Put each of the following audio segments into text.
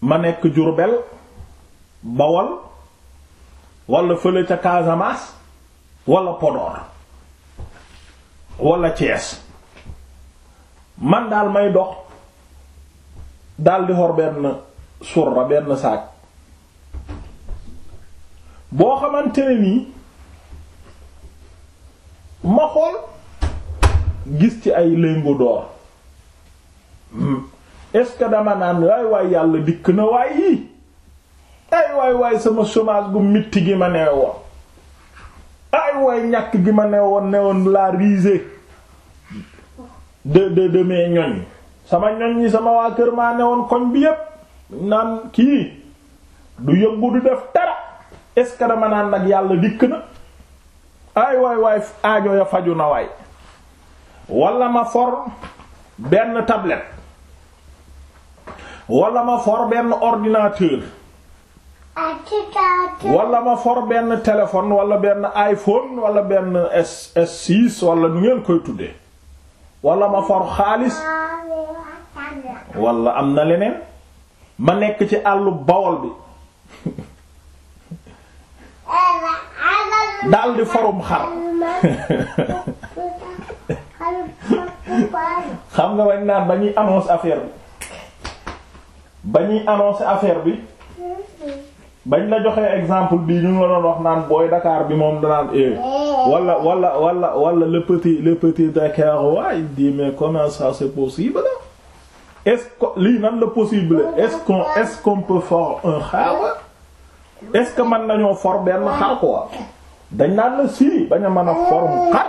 ma nekk Jurbel Bawol wala fële ca Casamance wala Podor wala Thiès man daal may dox daldi di xor benn surra benn saak boo xamante ne nii ma xool gis ci ay lingots d'or. Hmm. est-ce que dama naan waay waay yàlla dikk na waay yii ay waay waay sama chômage bu mitti gi ma nee woon ay waay ñàkk gi ma nee woon ne woon la risée de de de mes ñoñ sama ñoñ yi sama waa kër maa ne woon koñ bi yépp naan kii du yëngu du def dara est dama naan nag yàlla dikk na ay waay waay aajo ya faju na waay wala ma for benn tablette wala ma for benn ordinateur walla ma for benn téléphone walla benn iPhone wala benn S S6 nu ngeen koy tuddee walla ma for xaalis wala am na leneen ma nekk ci àll Bawol bi daldi forum xar xam nga wañ naan ba ñuy annonce affaire bi ba ñuy annoncer affaire bi bañ la joxee exemple bi ñu ngi la doon naan booy Dakar bi moom danaan walla eh, wala walla wala le petit le petit Dakar waaye di mais comment c'est possible est lii nan la possible est-ce qu'on que mën nañoo for benn xar quoi dañ naan la si bañ a mën a form xar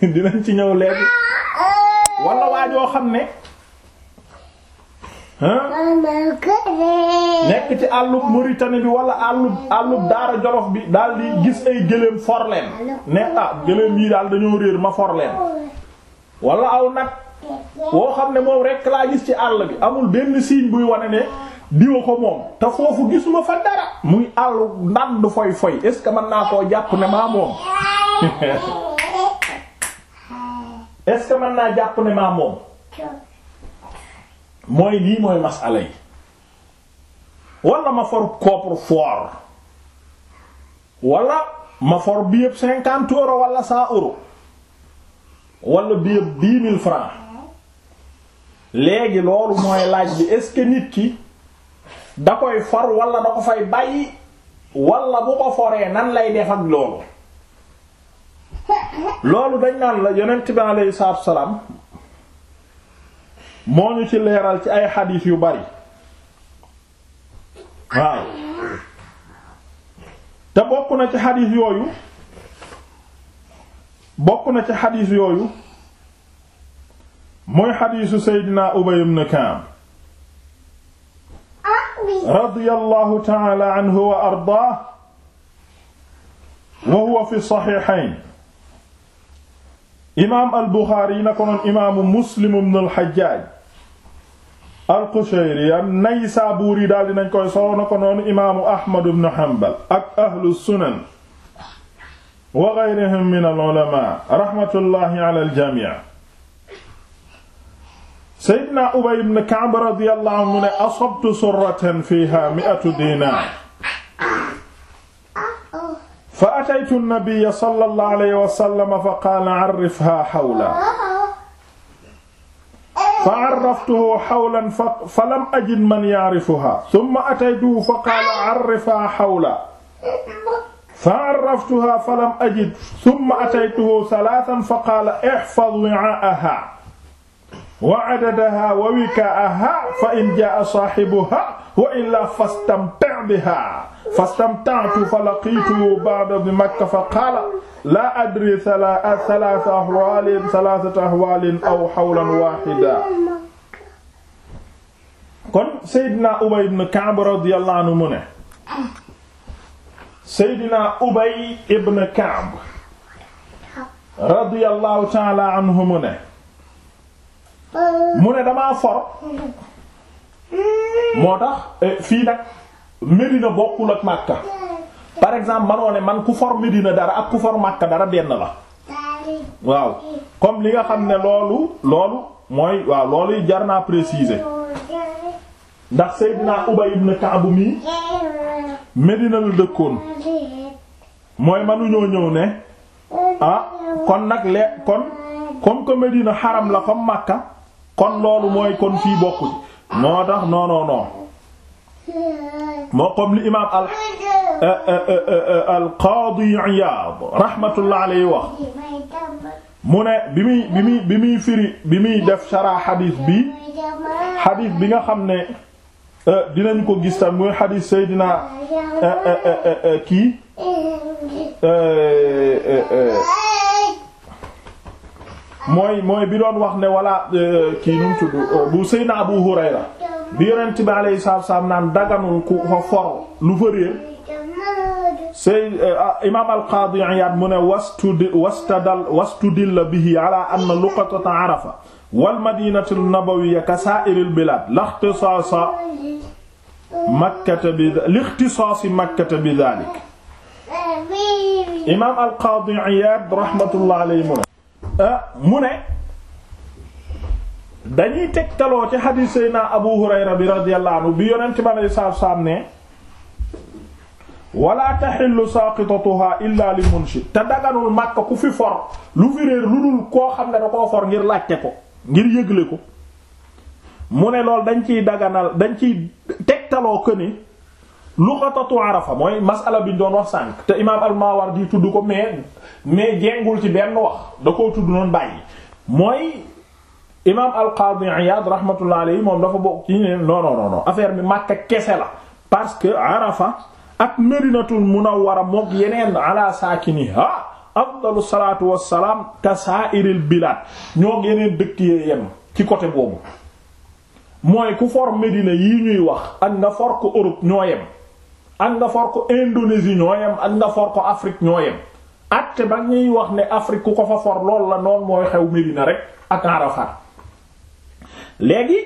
dinañ ci ñëw léegi wala waajoo xam ne. nekk ci àllub Mauritanie bi wala àllub àllub daara jolof bi daal di gis ay gëléem forleen ne ah gëléem yi dañoo réer ma forleen wala aw nag woo xam ne moom rekk laa gis ci àll bi amul benn signe buy wane ne diwa ko moom te foofu gisuma fa dara muy àllu ndànd foy foy est ce naa koo jàpp ne maa moom est ce naa jàpp ne maa moom mooy lii mooy masala yi wala ma for koppar foor wala ma for bi yëpp cinquante euros wala cent euros wala bi yëpp dix mille francs léegi loolu mooy laaj bi est-ce que nit ki da koy for wala da ko fay bàyyi wala bu ko foree nan lay def ak loolu loolu dañ naan la yonent bi alayhi salaam moo ñu ci leeral ci ay xadiis yu bari waaw te bokk na ci xadiis yooyu bokk na ci xadiis yooyu mooy xadiisu Seydina Ubay ibn Kaab radiyallahu ta'ala anhu wa ardaah wa huwa fi saxiixayn imaam al-Buxaari na ko noon imaamu Muslim ibn al-Hajjaaj al-Qushayri an-Naysaburi daal dinañ koy solo na ko noonu imaamu Ahmad ibn Hanbal ak ahlu sunan wa ghayrihim min al-ulama rahmatullahi ala al-jami' Seydina Ubay ibn Ka'b radiyallahu anhu ne asabtu surratan fiha mi'atu dinar fa ataytu an-nabiyya sallallahu alayhi wa sallam fa qala 'arrifha hawla fa arraftuhu xawlan fa lam ajid man ya'rifuha thumma ataytuhu fa qaala arrifhaa xawlan fa arraftuha fa lam ajid thumma ataytuhu thalathan fa qaala ihfaz wi'aaha wa adadaha wa wikaa'aha fa in jaa'a saahibuha wa illaa fastamti' biha fastamta'tu falaqiituhu ba'da bi makka fa qaala laa adri thalaatha ahwaalin thalaatha ahwaalin aw hawlan waahidan kon Seydina Ubay ibn Ka'b radiyallahu anhu mu ne Seydina Ubay ibn Ka'b radiyallahu ta'ala anhu mu ne mu ne damaa for hmm. moo tax eh, fii nag Medina bokkul ak Makka par exemple manoo man ku for Medina dara ak ku for Makka dara benn la waaw comme li nga xam ne loolu loolu mooy waaw loolu jar naa préciser ndax Seydina Ubay ibn Ka'b mi Medina la dëkkoon mooy manuñoo ñëw ne ah kon nag le kon comme que Medina xaram la comme Makka kon loolu mooy kon fii bokku ci tax non moo comme li imaam al qaadi Iyaad rahmatullah wax mu ne bi muy firi bi muy def sarah xadiis bi xadiis bi nga xam ne dinañ ko gis tam mooy xadiis Seydina mooy mooy bi doon wax ne wala kii nu mu bu Seydina Abu Hurayra bi yonent bi alayhi salaatu salaam naan daganul ku fa for lu fa réer say eh, ah, imaam al-Qaadi Iyaad mu ne wastud wastadal wastudilla bihi ala anna luqatata Arafa wal madinatu an-nabawiyya ka saa'iril bilaad lixtisaasa makkata bi lixtisaasi makkata bi daalik imaam al-Qaadi Iyaad rahmatullahi alayhi mu ne eh, dañuy tegtaloo ci xadiis Seydina Abu Hurayra bi radiyallahu anhu bi yonent bi alayhi salaatu wassalaam ne wala taxillu saqitatuha illa li munshid te daganul Makka ku fi for lu fi réer lu dul koo xam ne da koo for ngir laajte ko ngir yëgle ko mu ne loolu dañ ciy daganal dañ ciy tegtaloo que ni luxatatu Arafa masala bi ñu doon wax sànq te imaam al-Mawardi tudd ko mais mais jéngul ci benn wax da koo tudd noonu bàyyi mooy. imaam al-Qaadi Iyaad rahmatullahi alayhi moom dafa bokk ci ne non non non affaire bi Makka kese la parce que Arafa ak Madinatul Munawwara mook yeneen ala saakinihaa afdalu salaatu wassalaam ka saa'iril bilaad ñoo yeneen dëkk yee yem ci côté boobu mooy ku for Medina yi ñuy wax ak nga for ko Europe ñoo yem ak nga for ko Indonésie ñoo yem ak nga for ko Afrique ñoo yem atte ba ñuy wax ne Afrique ku ko fa for lool la noonu mooy xew Medina rek ak Arafat léegi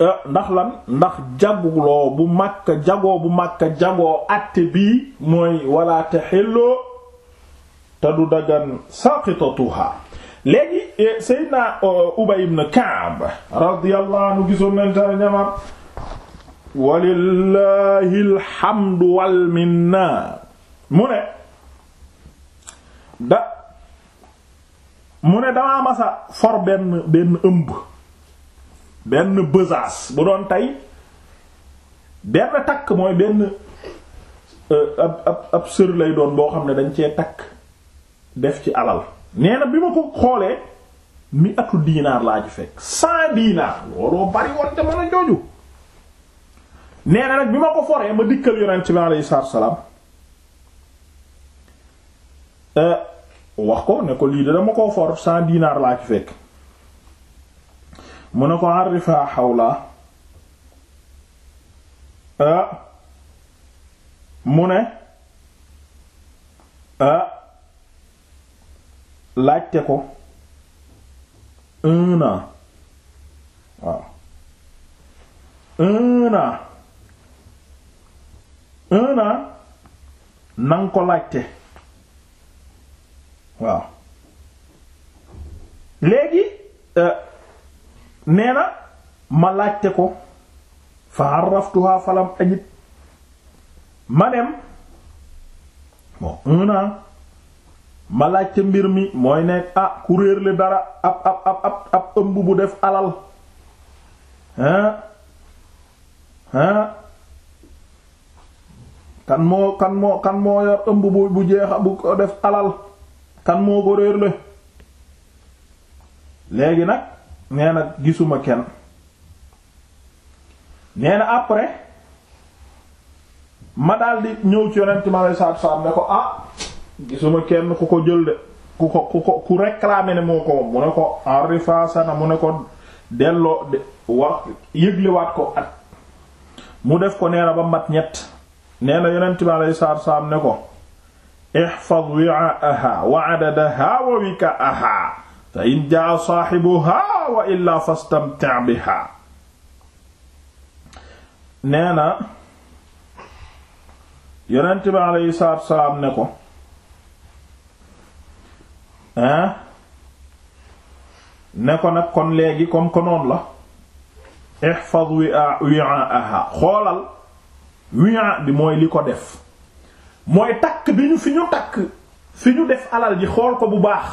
euh, ndax lan ndax jagloo bu Makka jagoo bu Makka jagoo àtte bii mooy wala te xelloo te du dagan saqitatuha léegi euh, Seydina euh, Ubay ibn Ka'b radiyallahu anhu gisoon nañ tara ñamam alhamdu wal mu ne da mu ne damaa masa for benn benn ëmb benn besace bu doon tey benn takk mooy benn euh, ab ab ab sër lay doon boo xam ne dañ cee takk def ci alal nee bi ma ko xoolee mi atu diinaar laa ci fekk cent diinaar looloo bari war jamono jooju nee na bi ma ko foree ma dikkal yonent bi alayhi salaatu euh, wax ko ne ko lii de dama koo for cent diinaar laa ci fekk mu ne ko arrifaa xawlaa ah mu ne ah laajte ko un an waaw un an un an nanga ko laajte waaw léegi. Euh, nee na ma laajte ko fa arraftuha falam ajib ma dem bon un an ma laajte mbir mi mooy ne ah ku réerle dara ab ab ab ab ëmb bu def alal hein hein kan moo kan moo kan moo yor ëmb bu bu jeexa bu ko def alal kan moo ko réerle léegi nag nee gisuma kenn nee na après ma daldi ñëw ci yonent ma lay saatu salaam ne ko ah gisuma kenn ku ko jël de ku ko ku ko ku réclamer ne moo ko mu ne ko enrifasana mu ne ko delloo de wax yëgliwaat ko at mu def ko nee na ba mat ñett nee na yonent bi aleyhi salaatu ne ko ihfaz wi'aaha wa adadaha wa wikaaha fa in jaa saahibuha wa illaa fastamta biha nee na yonent bi aleyhi ne ko hein ne ko nag kon léegi comme que noonu la ihfaz wi'aaha xoolal wi'a bi mooy li ko def mooy takk bi ñu fi ñu takk fi ñu def alal ji xool ko bu baax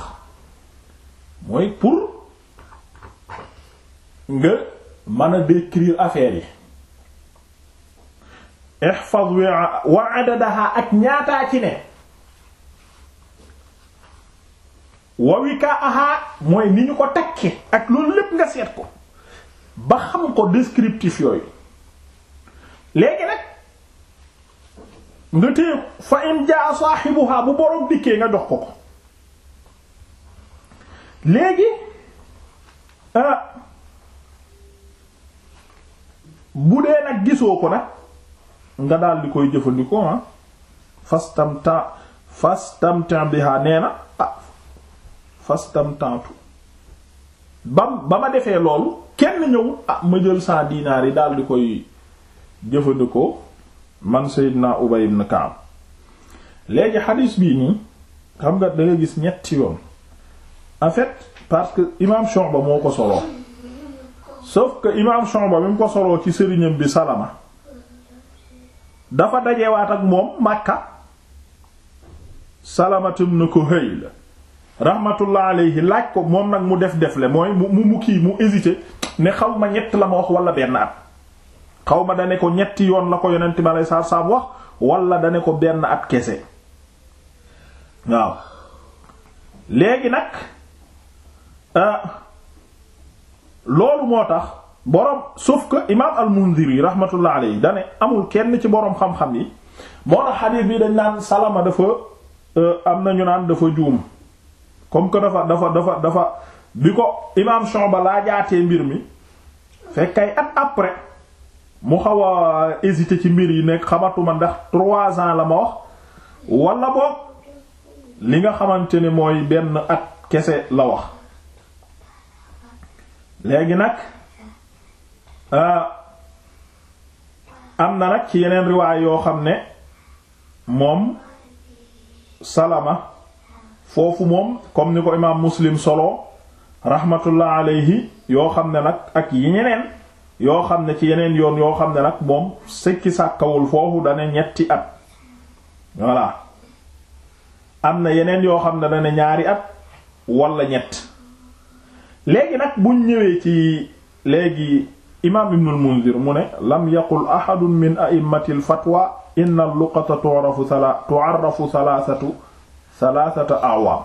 mooy pour nga mën a décrire affaire yi ihfaz wa adadaha ak ñaataa ci ne wa wikaaha mooy ni ñu ko takke ak loolu lépp nga seet ko ba xam ko descriptif yooyu léegi nag nga téye fa in jaa saaxibuha bu borom dikkee nga jox ko ko léegi ah, bu dee nag gisoo ko nag nga daal di koy jëfandikoo ah fastamta bi biha nee na ah fastamtantu bam ba ma defee loolu kenn ñëw ah ma jël sa dinaar yi daal di koy jëfandikoo man Seydina Ubay ibn Ka'b léegi xadiis bii nii xam nga da gis ñetti yoon en fait parce que imam Shu'ba moo ko soloo sauf que imaam Shu'ba bi mu ko soloo ci sëriñam bi Salama dafa dajewaat ak moom Makka salamatum na ko hëy la rahmatullah alayhi laaj ko moom nag mu def defle mooy mu mu kii mu hésité ne xaw ma ñett la ma wax wala benn at xaw ma dane ko ñetti yoon la ko yonent bi aley saatu salaam wax wala dane ko benn at kese waaw léegi nag euh, loolu moo tax borom sauf que imaam al-Mundhiri rahmatullah alayhi da ne amul kenn ci boroom xam-xam yi moo tax xadiis bi dañ naan salama dafa euh, am na ñu naan dafa juum comme que dafa dafa dafa dafa bi ko imaam Shu'ba laa jaatee mbir mi fekk ay at après mu xaw a hésité ci mbir yi nekk xamatuma ndax trois ans la ma wax wala boog li nga xamante ne mooy benn at kese la wax. léegi nag euh, am na nag ci yeneen riwaay yoo xam ne moom salama foofu moom comme ni ko imaam muslim solo rahmatullah alayhi yoo xam ne nag ak yi ñeneen yoo xam ne ci yeneen yoon yoo xam ne nag moom sëkki sàkkawul foofu dane ñetti at voilà am na yeneen yoo xam ne dane ñaari at wala ñett léegi nag buñ ñëwee ci léegi imaam ibn al mu ne lam yaqul ahadun min a'immati al fatwa inna al luqata tu'rafu salasatu salasata awaam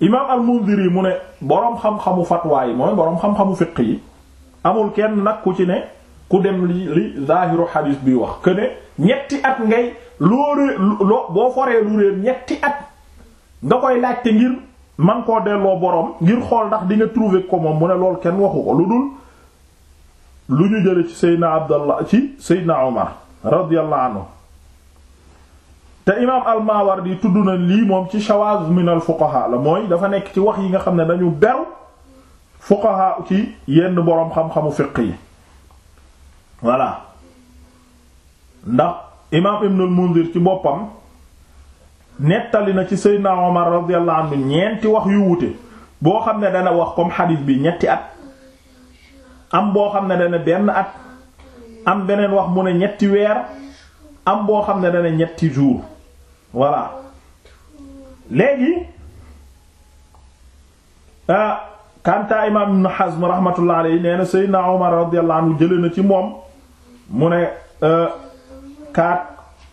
imaam al yi mu ne boroom xam-xamu fatwa yi mooy boroom xam-xamu fiq yi amul kenn nag ku ci ne ku dem li li zaahiru xadiis bi wax que ñetti at ngay loo boo foree lu réer ñetti at nga koy laajte ngir man koo delloo boroom ngir xool ndax di nga trouver ko moom mu ne loolu kenn waxu ko lu dul lu ñu jële ci seydna abdallah ci seydna omar radiyallahu anhu te imaam al-Mawardi tudd na lii moom ci shawaz min al fuqaha la mooy dafa nekk ci wax yi nga xam ne dañu beru fuqaha ci yenn boroom xam-xamu fiq yi voilà ndax imaam ibn al ci boppam nettali na ci Seydina Omar radiyallahu anhu ñeenti wax yu wuute boo xam ne dana wax comme xadiis bi ñetti at am boo xam ne dana benn at am beneen wax mu ne ñetti weer am boo xam ne dana ñetti jour voilà léegi ah Kanta imaam Ibn Hazm rahmatullah alayhi nee na Seydina Omar radiyallahu anhu jëlee ci moom mu ne 4 euh,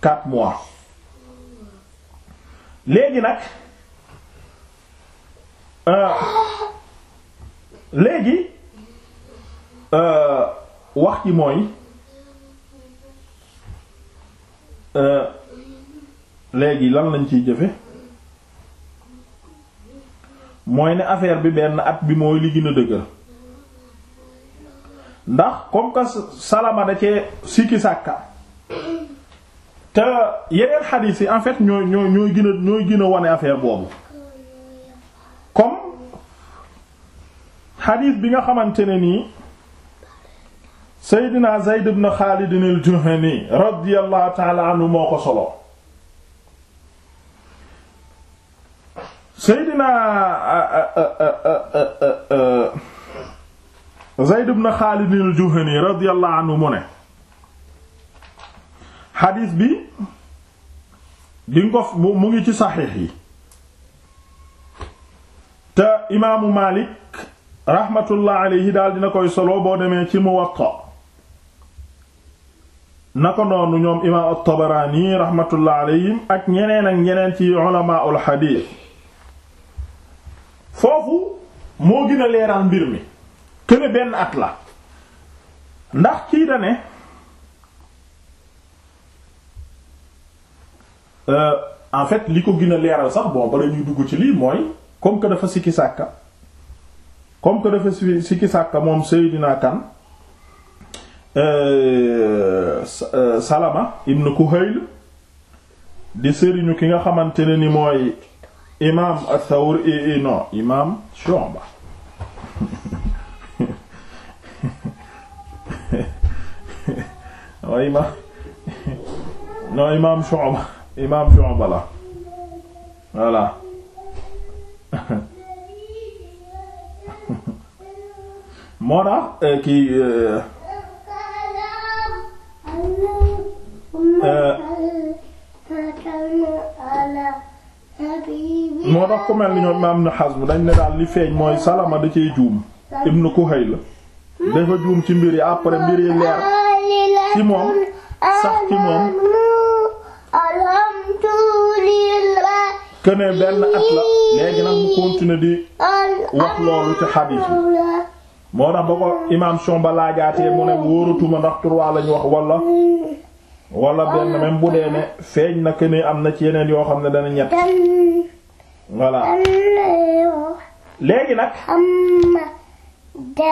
4 mois. léegi nag euh, léegi euh, wax ji mooy euh, léegi lan lañ ciy jëfe mooy ne affaire bi benn at bi mooy li gën a dëgër ndax comme que cee sikki sàkka te yeneen xadiis yi en fait ñooy ñooy ñooy gën a boobu comme xadiis bi nga xamante ne nii Seydina Zayd ibn Xaalid al-Juhani radiyallahu ta'ala anhu moo ko Seydina Zayd ibn Xaalid al-Juhani radiyallahu anhu mu ne xadiis bi di nga ko mu ngi ci saxiix yi te imaamu Maalik rahmatullah alayhi daal dina koy solo boo demee ci Muwatta na ko noonu ñoom imaam at-Tabaraani rahmatullah ak ñeneen ak ñeneen ci ulamaa ul xadiis foofu moo gën leeral mbir mi këne benn at la ndax kii da ne Euh, en fait li ko gën a leeral sax bon bala ñuy dugg ci lii mooy comme que dafa sikki sàkka comme que dafa sikki sàkka moom Seydina kan euh, euh, Salama ibn Kuhayl di sëriñu ki nga xamante ne ni mooy imaam Athawr e eh, eh, non imaam Shu'ba non imaam non imaam imaam Shu'ba la voilà moo tax euh, kii euh, euh, moo tax ku mel ni ñoom imaam Ibn Hazm dañ ne daal li feeñ mooy Salama da cee juum ibnu Kuhayl la dafa juum ci mbir yi après mbir yi leer ci moom sax ci moom kënee benn at la léegi nag mu continuer di wax loolu ci xadiis bi moo tax ba ko imaam Shomba laajaatee mu ne wóoratuma ndax trois lañu wax wala wala benn même bu dee ne feeñ na kënee am na ci yeneen yoo xam ne dana ñett voilà léegi nag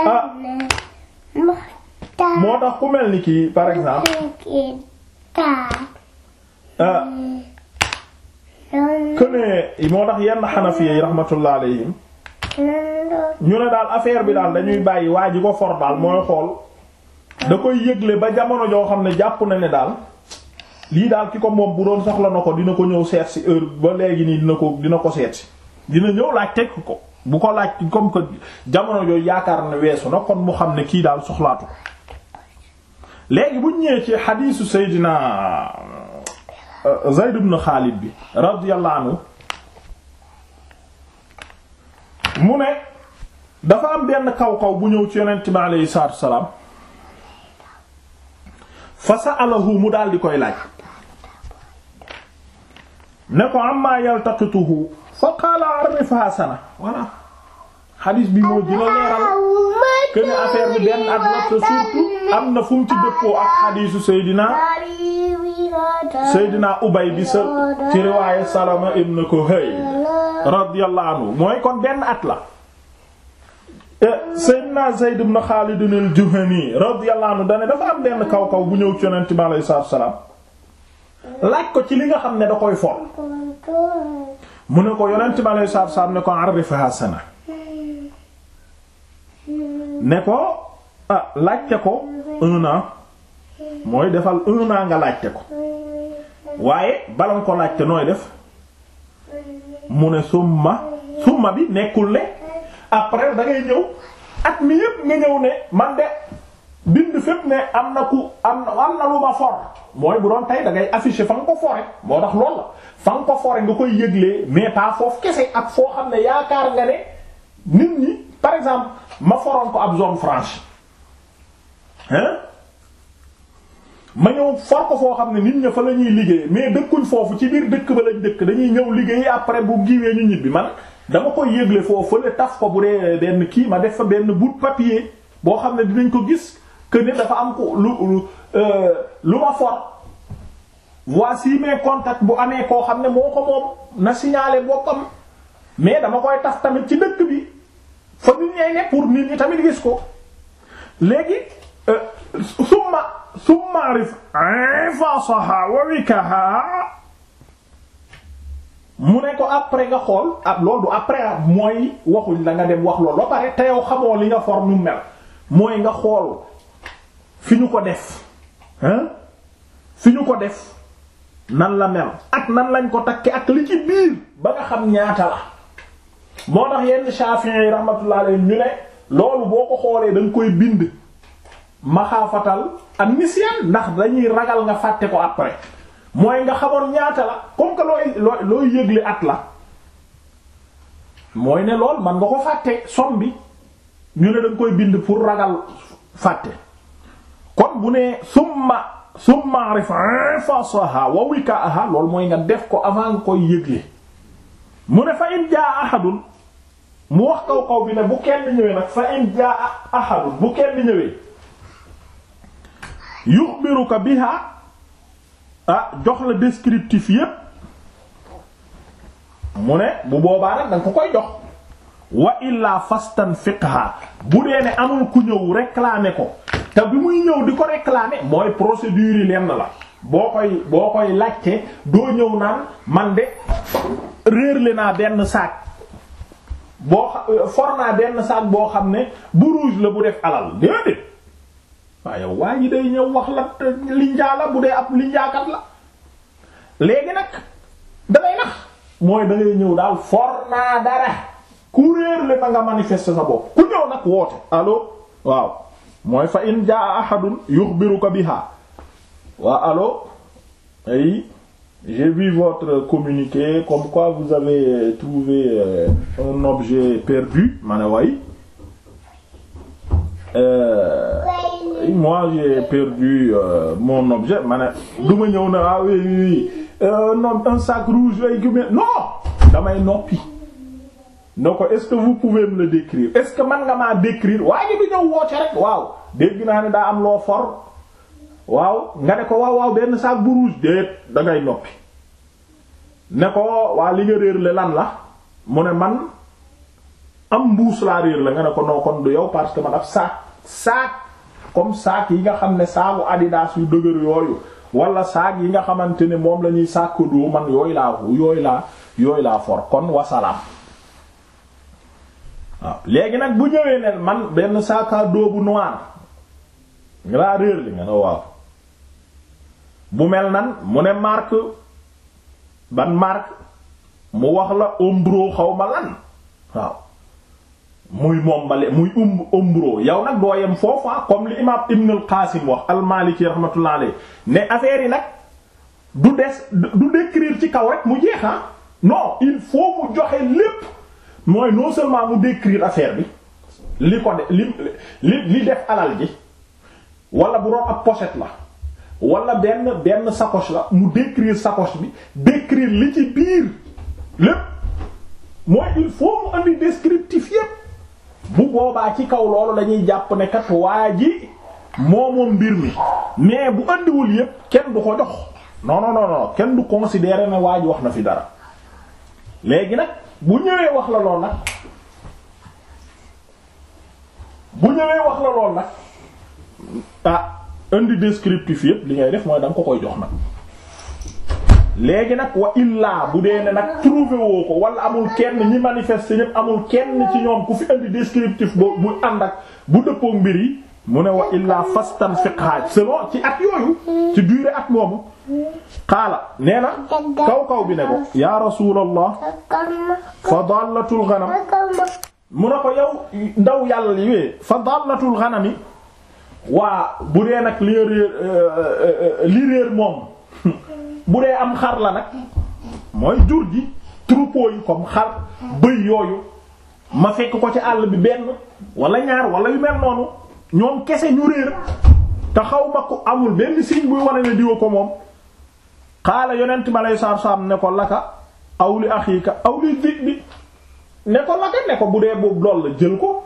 ah moo tax ku mel ni kii par exemple ah que moo tax yenn xanafi yi rahmatullah ñu ne daal affaire bi daal dañuy bàyyi waa ji ko for daal mooy xool da koy yëgle ba jamono joo xam ne jàpp na ne daal lii daal ki ko moom bu doon soxla na ko dina ko ñëw seet si heure ba léegi nii dina ko dina ko seet si dina ñëw laaj teg ko bu ko laaj comme que jamono jooju yaakaar na weesu na kon mu xam ne kii daal soxlaatu ko léegi bu ñëwee ci xadiisu Seydina Euh, Zayd ibn Xaalid bi radiyallahu anhu mu ne dafa am benn kaw kaw bu ñëw ci yonent bi aleyhi salaatu salaam fa sa'alahu mu daal di koy laaj ne ko amma yaltaqituhu fa qaala arifha sana voilà xadiis bi moo dina leeral que ne affaire bi benn at la surtout am na fu ci dëppoo ak xadiisu Seydina Seydina Ubay bi sa ci riwaaye Salama ibn Kuhay radiyallahu anhu mooy kon benn at la e, Seydina Zayd ibn Khalid al-Juhani radiyallahu anhu dane dafa am benn kaw kaw bu ñëw ci Yonent bi alayhi salaatu salaam laaj ko ci li nga xam ne da koy for mu ne ko Yonent bi alayhi salaatu salaam ne ko arifha sana ko ah laajte ko un mooy defal un an nga laajte ko waaye bala nga ko laajte nooy def mu ne summa summa bi nekkul ne après da ñëw at mi yépp nga ñëw ne man de bind fépp ne am na ku am na am na lu ma for mooy bu doon tey da ngay afficher fa nga ko fore moo tax loolu la fa nga ko fore nga koy yëglee mais pas foofu kese ak foo xam ne yaakaar nga ne nit ñi par exemple ma foroon ko ab zone franche hein ma ñëw for ko foo xam ne nit ña fa la ñuy liggéey mais dëkkuñ foofu ci biir dëkk ba lañ dëkk dañuy ñëw liggéey après bu giwee ñu ñibbi man dama koy yëgle foofu fële tas ko bu dee benn kii ma def fa benn bout papier boo xam ne dinañ ko gis kër ne dafa am ko lu euh, lu ma for voici mes contacts bu amee koo xam ne moo ko moom na signaler boppam mais dama koy tas tamit ci dëkk bi fa nit ñay ne pour nit ñi tamit gis ko léegi euh, summa su summa arif infaasaha wa wikaha mu ne ko après nga xool ak ah, loolu après mooy waxuñ la nga dem wax loolu ba pare te xamoo li nga forme nu mel mooy nga xool fi ñu ko def hein fi ñu ko def nan la mel ak nan lañ ko takke ak li ci biir ba nga xam ñaata la moo tax yenn Shafi'i rahmatullah alayhi ñu ne loolu boo ko xoolee da koy bind maxaafatal am nisyan ndax dañuy ragal nga fàtte ko après mooy nga xamoon ñaata la comme que looy looy yëgle at la mooy ne lool man nga ko fàtte somme bi ñu ne dañ koy bind pour ragal fàtte kon bu ne summa summa arif fasaha wa wikaaha lool mooy nga def ko avant nga koy yëgle mu ne fa in jaa mu wax kaw kaw bi ne bu kenn ñëwee nag fa in jaa bu kenn ñëwee yuxbiruka biha ah jox la descriptif yépp mu ne bu boobaa nag danga ko koy jox wa illaa fastanfiqha bu dee ne amul ku ñëw réclamer ko te bi muy ñëw di ko réclamer mooy procédure yi lenn la boo koy boo koy laajte doo ñëw naan man de réerle naa benn saak boo euh, for naa benn saak boo xam ne bu rouge la bu def alal déedéet waaw yow waa ji day ñëw wax la linjaa la bu dee ab linjaakat la léegi nag dangay nax mooy da ñëw daal for naa dara ku réer le na sa bopp ku ñëw nag woote allo waaw mooy fa in jaa ahadun yukhbiruka biha waa allo ay j'ai vu votre communiqué comme quoi vous avez trouvé euh, un objet perdu ma mois j'ai perdu euh, mon objet ma ne du ma ñëw na ah waaw oui oui euh, non un sac rouge ay gume non damay noppi ne ko est que vous pouvez me le décrire est que man nga maa décrire waa ji du ñëw rek waaw dégg naa ne daa am loo for waaw nga ne ko waaw waaw benn sac bu rouge déet da noppi ne ko waa li nga réer le lan la mu ne man am mbuus laa réer la nga ne ko non kon du yow parce que man ab sac sac comme saak yi nga xam ne saaku adidas yu dëgër yooyu wala saak yi nga xamante ne moom la ñuy sàkk doo man yooyu laa for kon wasalaam waaw léegi nag bu ñëwee ne man benn sac doo dos bu noir nga laa réer li nga ne bu mel nan mu ne marque ban marque mu wax la Umbro xaw ma lan waaw muy moom bale muy um umbro yow nag doo yem foofa ah, comme li imam Ibn al-Qasim wax al rahmatullah alayhi ne affaire nag du des du décrire ci kaw rek mu jeex ah non il faut mu joxe lépp mooy non seulement mu décrire affaire bi li ko de li li def alal ji wala bu doon ab pochette la walla benn benn sacoche la mu décrire sacoche bi décrire li ci biir lépp mooy il faut mu andi descriptif bu boobaa ci kaw loolu dañuy jàpp ne kat waa ji moo mbir mi mais bu andiwul yépp kenn du ko jox non non non non kenn du considérer ne waa ji wax na fi dara léegi nag bu ñëwee wax la lool nag bu ñëwee wax la lool nag ah indi descriptif yépp li ngay def mooy da ko koy jox nag. léegi nag wa illaa bu dee ne nag trouvé woo ko wala amul kenn ñi manifester ñëpp amul kenn ci ñoom ku fi indi descriptif boobu muy ànd ak bu dëppoo mbir yi mu ne wa illaa fastanfiqha selon ci at yooyu ci durée at moomu qaala nee na kaw kaw bi ne ko ya rasulallah fa dallatul ghanam mu ne ko yow ndaw yàlla li wee fa dallatul ghanami waa bu dee nag li réer euh, euh, euh, li réer moom bu dee am xar la nag mooy jur gi troupeau yi comme xar bëy yooyu ma fekk ko ci àll bi benn wala ñaar wala yu mel noonu ñoom kese ñu réer te xaw ma ko amul benn signe buy wane ne diwa ko moom xaala yonent ma lay saab-saab ne ko laka aw li axiika aw li dig bi ne ko laka ne ko bu dee boobu lool la jël ko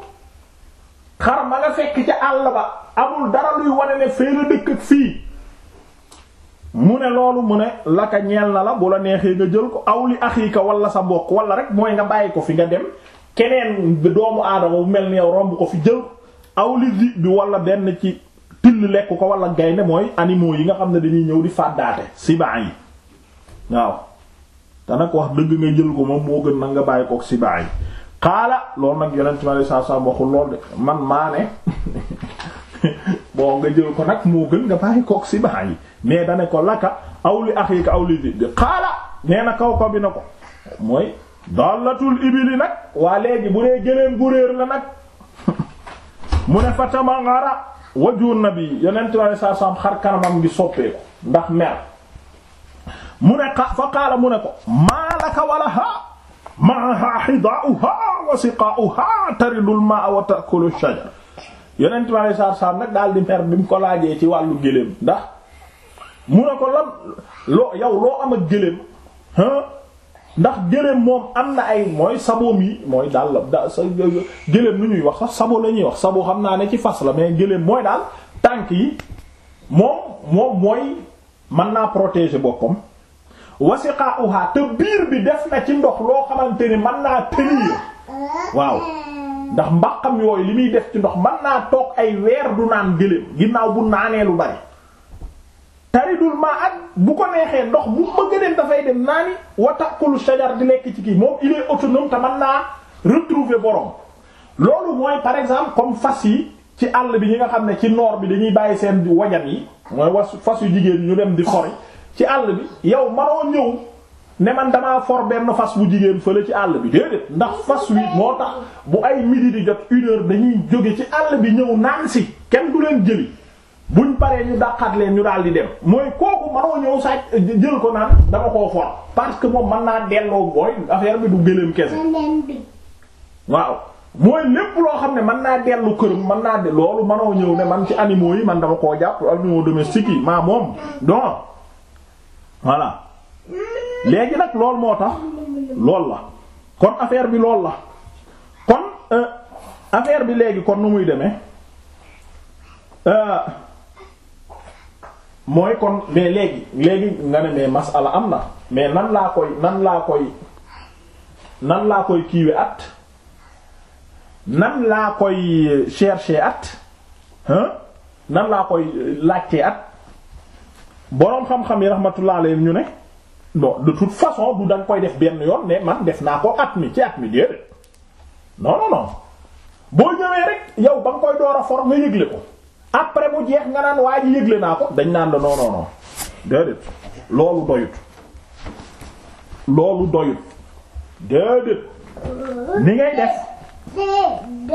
xar ma nga fekk ci àll ba amul dara luy wane ne fee la dëkk ak fii mu ne loolu mu ne la ka ñeel na la bu la neexee nga jël ko aw li axiika wala sa mbokk wala rek mooy nga bàyyi ko fi nga dem keneen doomu aadama bu mel ni yow romb ko fi jël aw li di bi wala benn ci till lekk ko wala gaynde mooy animo yi nga xam ne dañuy ñëw di fàddaate sibaa yi waaw te nag wax dëgg nga jël ko moom moo gën nag nga bàyyi ko ak sibaa yi xaala loolu nag yonent mi sallallahu alayhi wasallam waxul lool de man maa bon nga jël ko nag moo gën nga bàyyi kook si baa mais dane ko laka aw li axika aw li di xaala nee na kaw ko bi na ko mooy dallatul ibili nag waa léegi bu dee gëléem gu réer la mu ne fatama ngara waju nabi yonent bi alayhi salaam xar kanamam gi soppeeku ndax mer mu ne fa qaala mu ne ko maalaka walaha maaha xidaauha wa siqaauha taridul maa wa taakulu shajar yonent bi alei satu salaam nag daal di mer bi mu ko laajee ci wàllu géléem ndax mu ne ko la loo yow loo am ak géléem ndax géléem moom am na ay mooy saboom yi mooy daal da sa géléem nu ñuy wax sax sabo la ñuy wax sabo xam naa ne ci fas la mais géléem mooy daal tànk yi moom moom mooy mën naa protéger boppam wasiqa'uha te biir bi def na ci ndox loo xamante ni man naa tenir waaw ndax mbaqam yooyu li muy def ci ndox man naa toog ay weer du naan gëléem ginnaaw bu naanee lu bari taridul ma at bu ko neexee ndox bu bëgg dem dafay dem naani wa takulu shajar di lekk ci kii moom il est autonome te mën naa retrouver borom loolu mooy par exemple comme fas yi ci àll bi ñi nga xam ne ci noor bi dañuy bàyyi seen wajan yi mooy was fas yu jigéen ñu dem di xori ci àll bi yow maroo ñëw ne man damaa for benn fas bu jigéen fële ci àll bi déedéet ndax fas wi moo tax bu ay midi di jot une dañuy jóge ci àll bi ñëw naan si kenn du leen jëli buñ paree ñu dàqaat leen ñu daal di dem mooy kooku manoo ñëw sàcc jël ko naan dama koo for parce que moom man naa delloo booy affaire bi du gëléem kese waaw mooy lépp loo xam ne mën naa dellu këram man naa de loolu manoo ñëw ne man ci animo yi man dama koo jàpp animaux domestiques yi maa moom donc voilà léegi nag lool moo tax lool la kon affaire bi lool la kon euh, affaire bi léegi kon nu muy demee euh, mooy kon mais léegi léegi nga ne mais masala am na mais nan laa koy nan laa koy nan laa koy kiiwe at nan laa koy chercher at hein nan laa koy laajtee at boroom xam-xam yi rahmatullah alayhim ñu ne non de toute façon du da nga koy def benn yoon ne man def naa ko at mi ci at mi déedéet non non non boo ñëwee rek yow ba nga koy door a for nga yëgle ko après mu jeex nga naan waa yëgle naa ko dañ naan la non non non déedéet loolu doyut loolu doyut déedéet ni ngay def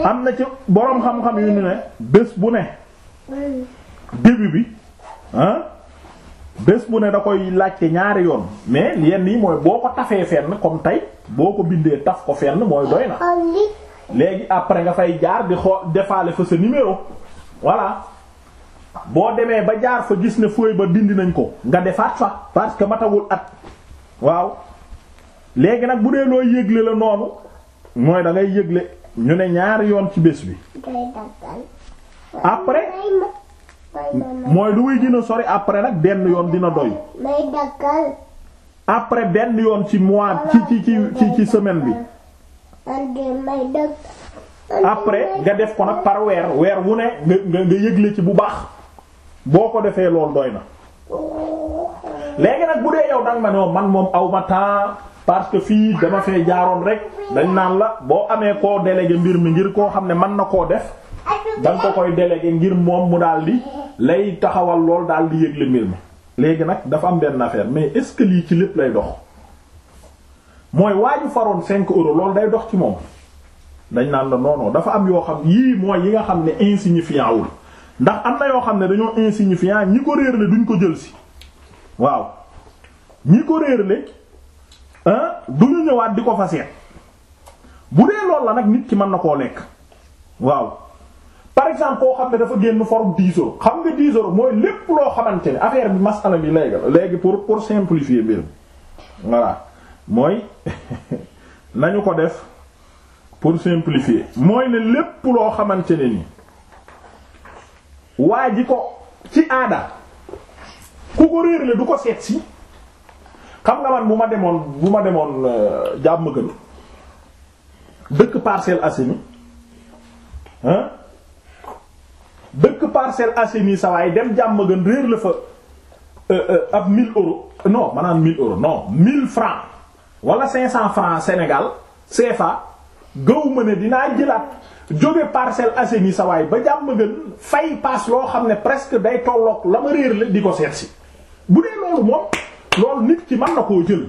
am na ci boroom xam-xam yu ñu ne bés bu ne début bi ah. bés bu ne da koy laajte ñaari yoon mais yenn yi mooy boo ko tafee fenn comme tey boo ko bindee taf ko fenn mooy doy na léegi après nga fay jaar di xool defaale fa sa numéro voilà boo demee ba jaar fa gis ne fooy ba dindi nañ ko nga defaat fa parce que matawul at waaw léegi nag bu dee loo yëgle la noonu mooy da ngay yëgle ñu ne ñaari yoon ci bés bi après mooy lu muy sori après nag benn yoon dina doy. après benn yoon ci mois ci ci ci ci semaine bi. après nga def ko nag par weer weer wu ne nga nga yëgle ci bu baax boo ko defee lool doy na. léegi nag bu dee yow danga ma ne man moom aw ma temps parce que fii dama fee jaaroon rek dañ naan la boo amee koo délégué mbir mi ngir koo xam ne mën na koo def. da nga ko koy délégué ngir moom mu daal di lay taxawal lool daal di yëgle mbir mi léegi nag dafa am benn affaire mais est-ce que lii ci lépp lay dox mooy waaju faroon cinq euros loolu day dox ci moom dañ naan la non dafa am yoo xam yii mooy yi nga xam ne insignifiant wul ndax am na yoo xam ne dañoo insignifiant ñi ko réerle duñu ko jël si waaw ñi ko réerle du ñu ñëwaat di ko fa seet bu dee loolu la nag nit ki mën na koo nekk waaw par exemple koo xam ne dafa génn forme 10 xam nga 10 euros mooy lépp loo xamante ni affaire bi masala bi léegi la léegi pour pour simplifier mbir voilà mooy nañu ko def pour simplifier mooy ne lépp loo xamante ne ni waa ji ko ci aada ku ko réer la du ko seet si xam nga man bu ma demoon bu ma demoon euh, jàmm gën dëkk Parcelles Assainies hein dëkk Parcelles Assainies sa dem jàmm gën réer la fa euh, euh, ab 1000 euros non maanaam 1000 euros non 1000 francs wala 500 francs Sénégal CFA gëw ma ne dinaa jëlaat jóge Parcelles Assainies sawaay ba jàmm gën fay paas loo xam ne presque day tolloog la ma réer la di ko seet si bu dee loolu moom loolu nit ki mën na koo jël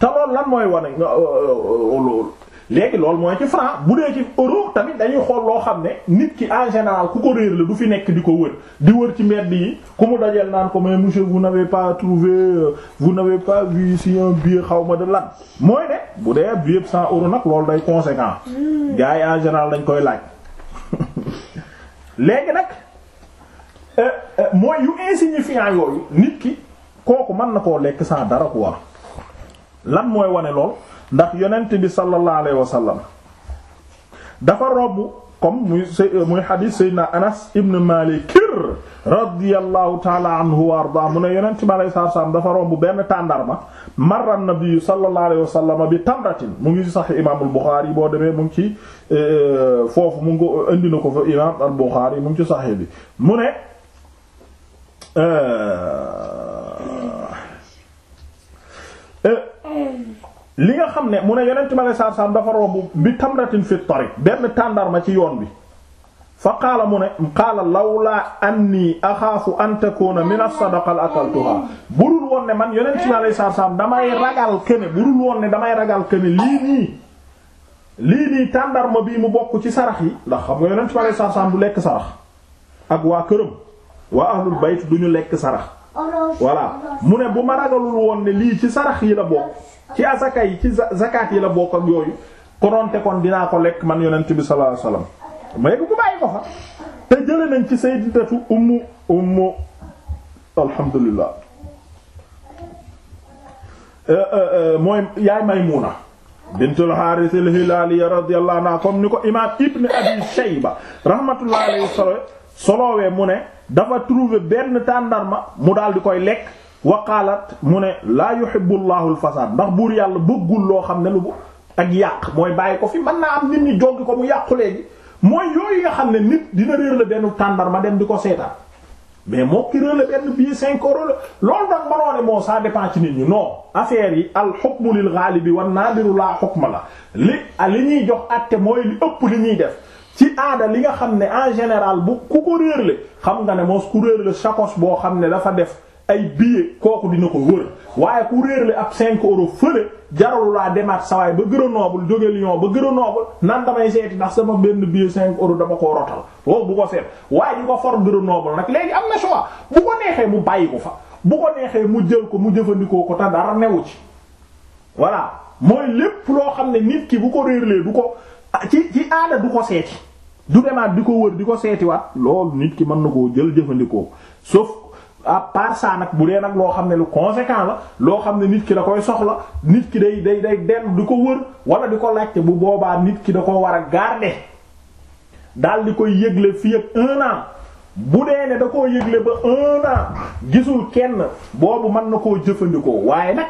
te loolu lan mooy wane euh, loolu léegi loolu mooy ci franc bu dee ci euro tamit dañuy xool loo xam ne nit ki en général ku ko réer la du fi nekk di ko wër di wër ci mbedd yi ku mu dajeel naan ko mais monsieur vous n'avez pas trouvé euh, vous n'avez pas vu si un billet xaw ma de lan mooy ne bu dee yëpp cent euros nag loolu day conséquent hmm. gars yi en général dañ koy laaj léegi nag euh, euh, mooy yu insignifiant yooyu nit ki kooku mën na koo lekk sans dara quoi lan mooy wane lool. ndax yonent bi sallallahu alayhi wa sallam dafa robb comme muy euh, muy xadiis Seydina Anas ibn Malik radiyallahu taala anhu wa ardaa mu ne yonent bi alayhi salaam dafa romb benn tàndarma marra nabi sallallahu alayhi wa sallam bi tamratin mu ngi sax imaamul Buxaari boo demee mu ngi ci euh, foofu mu ngi ko indi mu ngi ci saxee bi mu ne. Euh, li nga xam ne mu ne yonent ma lay saar saam dafa romb bi tamratin fi tariq benn tàndarma ci yoon bi fa qaala mu ne qaala lawlaa anni axaafu an takuna min as-sadaqa akaltuha bu dul woon ne man yonent ma lay saar saam damay ragal këne bu dul woon ne damay ragal këne lii nii lii nii tàndarma bii mu bokk ci sarax yi ndax xam nga yonent ma lay saar saam lekk sarax ak waa këram waa ahlul bayt duñu lekk sarax voilà mu ne bu ma ragalul woon ne lii ci sarax yi la bokk ci asaka yi ci zakat yi la bokk ak yooyu konoonte kon dinaa ko lekk man yonent bi sallallahu alayhi wasallam mais bu bàyyi ko fa te jële nañ ci sayyidatu ummu ummu alhamdulillah euh, euh, euh, mooy yaay Maymuna bintul Harith al-Hilaliya radiyallahu anha comme ni ko imam Ibn Abi Shayba rahmatullahi solowee mu ne dafa trouver benn tàndarma mu daal di koy lekk waqaalat mu ne laa yuhibbu llahu al-fasaad ndax buur yàlla bëggul loo xam ne lu ak yàq mooy bàyyi ko fi man naa am nit ñi joggi ko mu yàqu léegi mooy yooyu nga xam ne nit dina réer la benn tàndarma dem di ko seetaan mais moo ki réer la benn billet cinq euros la loolu nag mënoo moo ça dépend ci nit ñi non affaire yi al hukmu lil ghaalibi wan naadiru laa hukma la li li ñuy jox àtte mooy li ëpp li ñuy def ci aada li nga xam ne en général bu ku ko réerle xam nga ne moos ku réerle chacos boo xam ne dafa def ay billet kooku dina ko wër waaye ku réerle ab 5 euros fële jaralu laa demaat sawaay ba Grenoble jóge Lyon ba Grenoble nan damay seeti ndax sama benn billet 5 euros dama koo rotal wow bu ko seet waaye ñu ko for Grenoble nag léegi am na choix bu ko neexee mu bàyyi ko fa bu ko neexee mu jël ko mu jëfandikoo ko te dara newu ci voilà mooy lépp loo xam ne nit ki bu ko réerlee ko Ah, ci ci aada du ko seeti du demaat di ko wër di ko seetiwaat loolu nit ki mën na koo jël jëfandikoo sof à part ça nag bu dee nag loo xam ne lu conséquent la loo xam ne nit ki da koy soxla nit ki day day day dellu di ko wër wala di ko laajte bu boobaa nit ki da ko war a garder daal di koy yëgle fii bu dee da koo yëgle ba un gisul kenn boobu mën na koo jëfandikoo waaye nag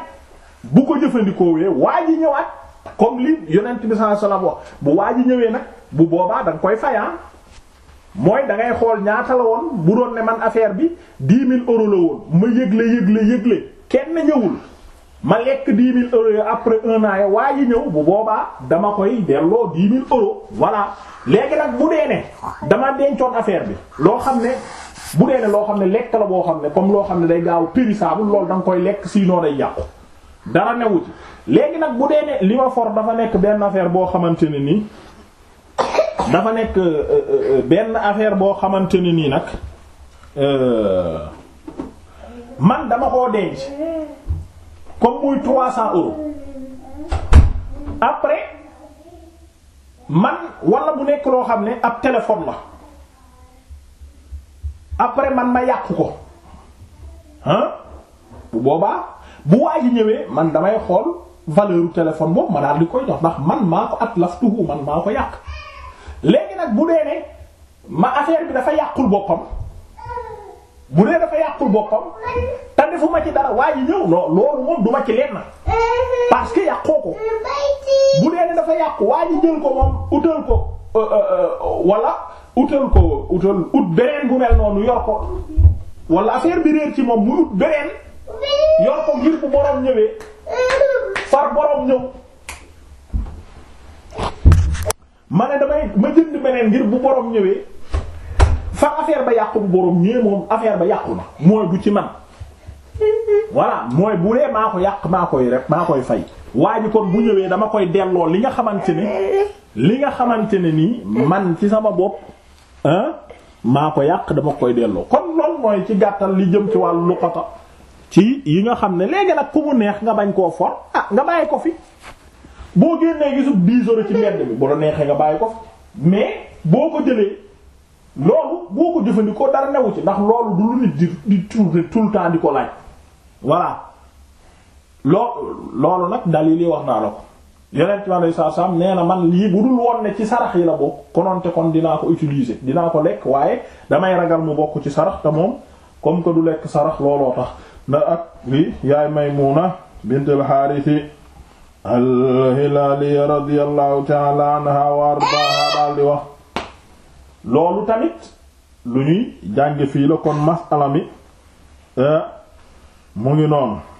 bu ko jëfandikoo wee waa ñëwaat. comme li yonent bi sallallahu alayhi wasallam bu waa ji ñëwee nag bu boobaa da koy fay ah. mooy da xool ñaata la woon bu doon ne man affaire bi dix mille euros la woon ma yëgle yëgle yëgle kenn ñëwul ma lekk dix mille euros ya après un an ya waa ji ñëw bu boobaa dama koy delloo dix mille euros voilà léegi nag bu dee ne dama dencoon affaire bi loo xam ne bu dee ne loo xam ne lekk la boo xam ne comme loo xam ne day gaaw périssable loolu da nga koy lekk sinon day yàqu. dara newu ci léegi nag bu dee ne li dafa nekk benn affaire boo xamante ne nii dafa nekk euh, euh, euh, benn affaire boo xamante ne nii nag man dama koo denc comme muy 300 euros après man wala bu nekk loo xam ne ab téléphone la après man ma yàqu ko ah boobaa. bu waa ñëwee man damay xool valeur téléphone boobu ma daal di koy jox ndax man maa ko at laftuhu man maa ko yàq léegi nag bu dee ma affaire bi dafa yàqul boppam bu dee dafa yàqul boppam te defu ma ci dara waa ji ñëw non ko bu dee dafa yàqu waa jël ko moom utal ko euh, euh, euh, wala utal ko utal ut beneen bu mel noonu yor ko wala affaire bi réer ci moom mu ut beneen. yor ko ngir bu borom ñëwee far borom ñëw ma ne damay ma jënd beneen ngir bu borom ñëwee far affaire ba yàqu bu borom ñëwee moom affaire ba yàqu na mooy du ci man voilà mooy bu dee maa ko yàq maa koy rek maa koy fay waa ji kon bu ñëwee dama koy delloo li nga xamante ne li nga xamante ne nii man ci sama bopp maa ko yàq dama koy delloo kon lool mooy ci gàttal li jëm ci wàllu luqata ci yi nga xam ne léegi nag ku mu neex nga bañ koo for ah nga bàyyi ko fi boo génnee gisul 10 ci mbedd bi bu la neexee nga bàyyi ko fi mais boo ko jëlee loolu boo ko jëfandikoo dara newu ci ndax loolu du lu nit di di tout le temps di ko laaj voilà loo loolu nag dalil yi wax naa la ko yeneen ci wàllu saasam nee na man lii bu dul woon ne ci sarax yi la bokk kononte kon dinaa ko utiliser dinaa ko lekk waaye damay ragal mu bokk ci sarax te moom comme que du lekk sarax looloo tax. na ak loolu tamit lu ñuy jàng fii la kon masala mi eh, mu ngi noonu